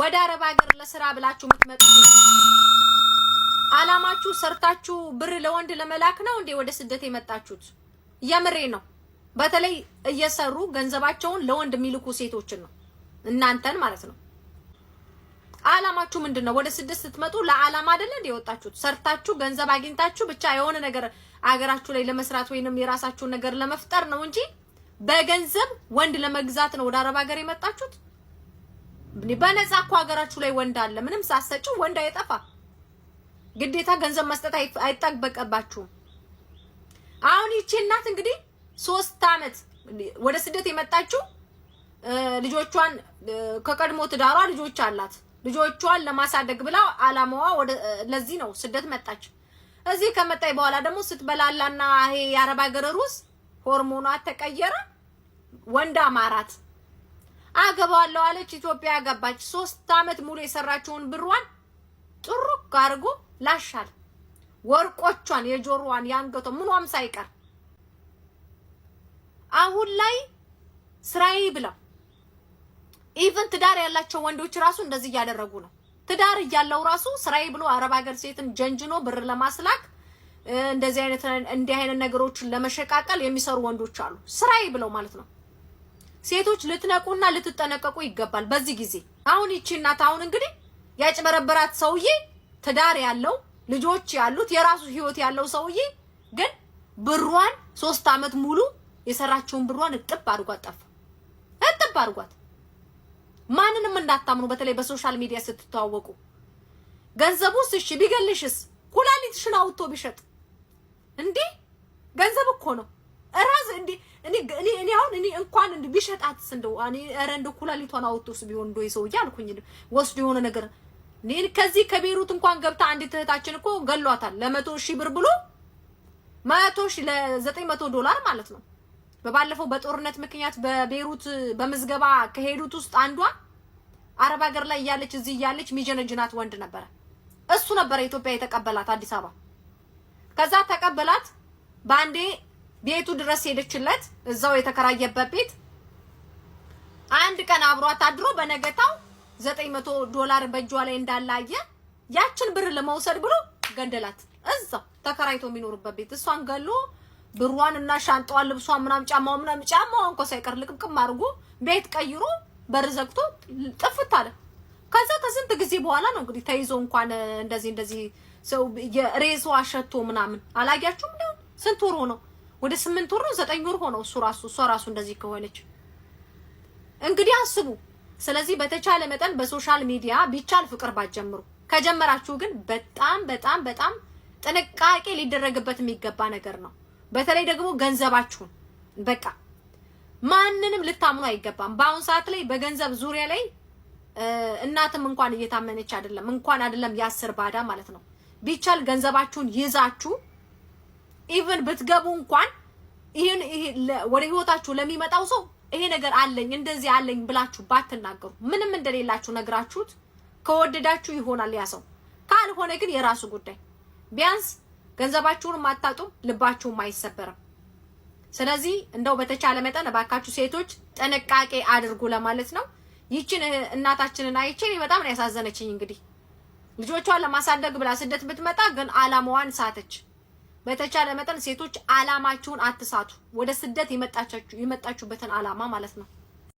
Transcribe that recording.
ወደ አረብ ሀገር ለስራ ብላችሁ የምትመጡ አላማችሁ ሰርታችሁ ብር ለወንድ ለመላክ ነው እንዴ? ወደ ስደት የመጣችሁት? የምሬ ነው። በተለይ እየሰሩ ገንዘባቸውን ለወንድ የሚልኩ ሴቶችን ነው፣ እናንተን ማለት ነው። አላማችሁ ምንድን ነው? ወደ ስደት ስትመጡ ለአላማ አይደለ እንዴ የወጣችሁት? ሰርታችሁ ገንዘብ አግኝታችሁ ብቻ የሆነ ነገር አገራችሁ ላይ ለመስራት ወይንም የራሳችሁን ነገር ለመፍጠር ነው እንጂ በገንዘብ ወንድ ለመግዛት ነው ወደ አረብ ሀገር የመጣችሁት? በነፃ እኮ ሀገራችሁ ላይ ወንድ አለ። ምንም ሳሰጭው ወንድ አይጠፋ። ግዴታ ገንዘብ መስጠት አይጠበቀባችሁም። አሁን ይቺ እናት እንግዲህ ሶስት አመት ወደ ስደት የመጣችው ልጆቿን ከቀድሞ ትዳሯ ልጆች አላት። ልጆቿን ለማሳደግ ብላ አላማዋ ወደ ለዚህ ነው ስደት መጣች። እዚህ ከመጣይ በኋላ ደግሞ ስትበላላና ይሄ የአረብ ሀገር ሩዝ ሆርሞኗ ተቀየረ፣ ወንድ አማራት። አገባዋለሁ አለች። ኢትዮጵያ ያገባች ሶስት አመት ሙሉ የሰራችውን ብሯን ጥሩ አድርጎ ላሻል። ወርቆቿን፣ የጆሮዋን፣ የአንገቷ ምኗም ሳይቀር አሁን ላይ ስራዬ ብላ ኢቭን ትዳር ያላቸው ወንዶች ራሱ እንደዚህ እያደረጉ ነው። ትዳር እያለው ራሱ ስራዬ ብሎ አረብ ሀገር ሴትን ጀንጅኖ ብር ለማስላክ እንደዚህ አይነት እንዲህ አይነት ነገሮችን ለመሸቃቀል የሚሰሩ ወንዶች አሉ። ስራዬ ብለው ማለት ነው። ሴቶች ልትነቁና ልትጠነቀቁ ይገባል። በዚህ ጊዜ አሁን ይቺ እናት አሁን እንግዲህ ያጭበረበራት ሰውዬ ትዳር ያለው ልጆች ያሉት የራሱ ህይወት ያለው ሰውዬ ግን ብሯን ሶስት አመት ሙሉ የሰራችውን ብሯን እጥብ አድርጓት ጠፋ። እጥብ አድርጓት። ማንንም እንዳታምኑ። በተለይ በሶሻል ሚዲያ ስትተዋወቁ ገንዘቡስ እሺ ቢገልሽስ ኩላሊትሽን አውጥቶ ቢሸጥ እንዴ? ገንዘብ እኮ ነው። እራስ እንዴ እኔ እኔ እኔ አሁን እኔ እንኳን እንደ ቢሸጣትስ እንደው እኔ ኧረ እንደው ኩላሊቷን አወጡስ ቢሆን እንደው የሰውዬ አልኩኝ ወስዶ የሆነ ነገር እኔ ከዚህ ከቤሩት እንኳን ገብታ አንዲት እህታችን እኮ ገሏታል ለመቶ ሺህ ብር ብሎ መቶ ሺህ ለዘጠኝ መቶ ዶላር ማለት ነው። በባለፈው በጦርነት ምክንያት በቤሩት በምዝገባ ከሄዱት ውስጥ አንዷ አረብ ሀገር ላይ እያለች እዚህ እያለች ሚጀነጅናት ወንድ ነበረ። እሱ ነበረ ኢትዮጵያ የተቀበላት አዲስ አበባ። ከዛ ተቀበላት በአንዴ ቤቱ ድረስ ሄደችለት። እዛው የተከራየበት ቤት አንድ ቀን አብሯት አድሮ በነገታው 900 ዶላር በእጇ ላይ እንዳላየ ያችን ብር ለመውሰድ ብሎ ገንደላት። እዛው ተከራይቶ የሚኖርበት ቤት እሷን ገሎ ብሯን እና ሻንጣዋን፣ ልብሷን፣ ምናም ጫማው ምናም ጫማው እንኳን ሳይቀር ልቅምቅም አድርጎ ቤት ቀይሮ በር ዘግቶ ጥፍት አለ። ከዛ ከስንት ጊዜ በኋላ ነው እንግዲህ ተይዞ እንኳን እንደዚህ እንደዚህ ሰው የሬሷ ሸቶ ምናምን አላያችሁም ነው ስንት ወር ነው ወደ ስምንት ወር ነው ዘጠኝ ወር ሆነው እሱ ራሱ እሷ ራሱ እንደዚህ ከሆነች እንግዲህ አስቡ። ስለዚህ በተቻለ መጠን በሶሻል ሚዲያ ቢቻል ፍቅር ባትጀምሩ፣ ከጀመራችሁ ግን በጣም በጣም በጣም ጥንቃቄ ሊደረግበት የሚገባ ነገር ነው። በተለይ ደግሞ ገንዘባችሁን በቃ ማንንም ልታምኑ አይገባም። በአሁን ሰዓት ላይ በገንዘብ ዙሪያ ላይ እናትም እንኳን እየታመነች አይደለም እንኳን አይደለም የአስር ባዳ ማለት ነው። ቢቻል ገንዘባችሁን ይዛችሁ ኢቭን ብትገቡ እንኳን ይሄን ወደ ህይወታችሁ ለሚመጣው ሰው ይሄ ነገር አለኝ እንደዚህ አለኝ ብላችሁ ባትናገሩ ምንም እንደሌላችሁ ነግራችሁት ከወደዳችሁ ይሆናል ያ ሰው። ካልሆነ ግን የራሱ ጉዳይ። ቢያንስ ገንዘባችሁን አታጡም፣ ልባችሁም አይሰበርም። ስለዚህ እንደው በተቻለ መጠን እባካችሁ ሴቶች ጥንቃቄ አድርጉ ለማለት ነው። ይችን እናታችንን አይቼ እኔ በጣም ነው ያሳዘነችኝ። እንግዲህ ልጆቿን ለማሳደግ ብላ ስደት ብትመጣ ግን አላማዋን ሳተች። በተቻለ መጠን ሴቶች አላማችሁን አትሳቱ። ወደ ስደት የመጣችሁበትን አላማ ማለት ነው።